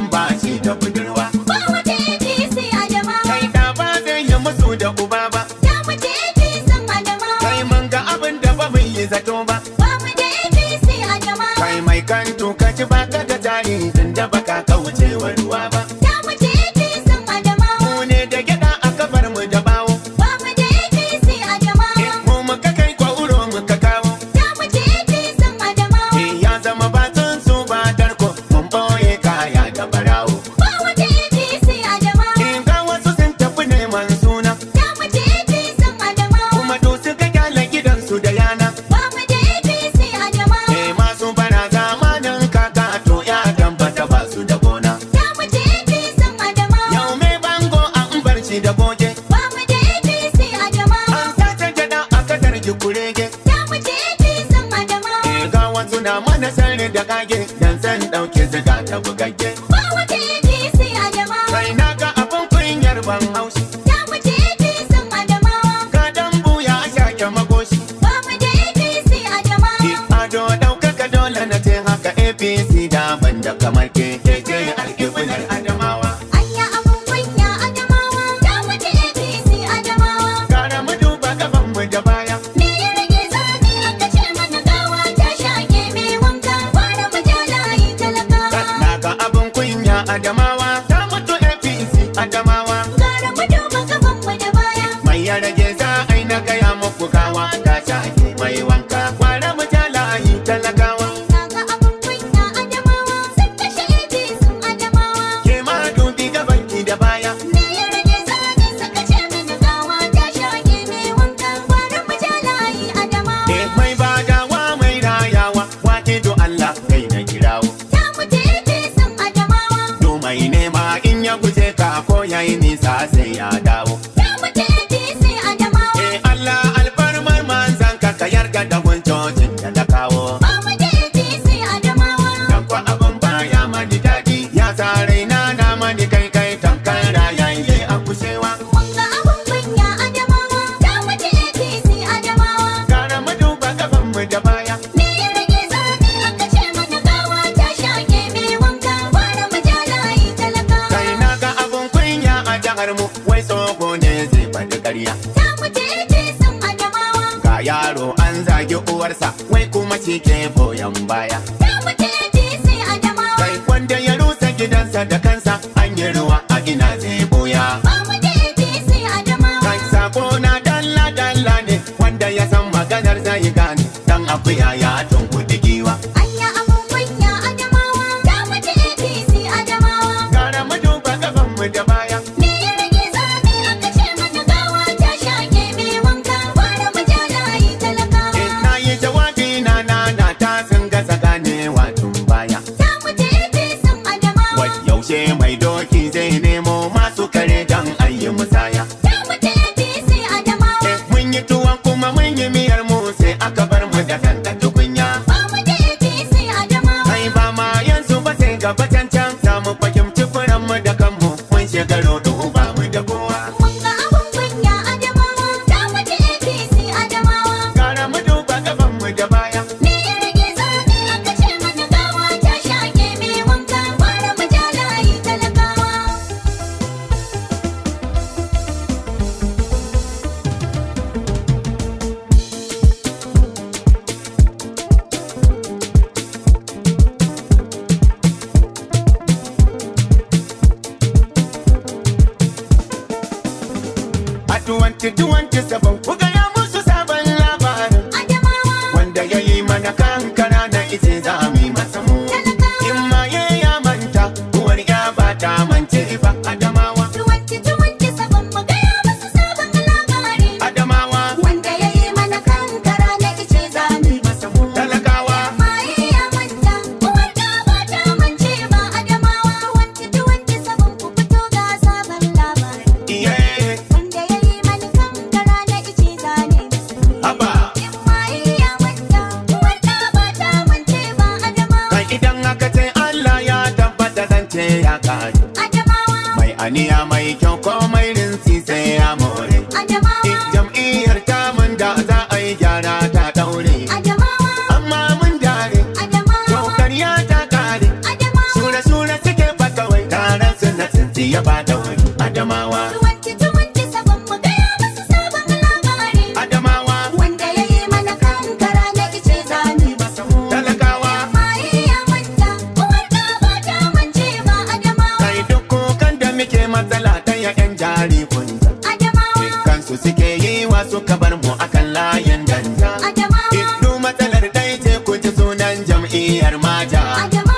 nan ba shi da budurwa. Ba wata APC a jama'a. Kai ta ba zai yi musu da APC da Ba mu a An sace gyaɗa a kasar Jukurege. Za mu ci eh, Ga mana sarri da kage. Dan san ɗauke ziga ta bugage. Fukawa. Ga yaro an zagi uwarsa wai kuma shi ke boyan baya. Kai wanda ya rusa gidansa da kansa an yi ruwa a ina zai boya. Kai sako na dalla dalla ne wanda ya san maganar zai gane dan abu ya yato. you do and just about. tafiyar maja.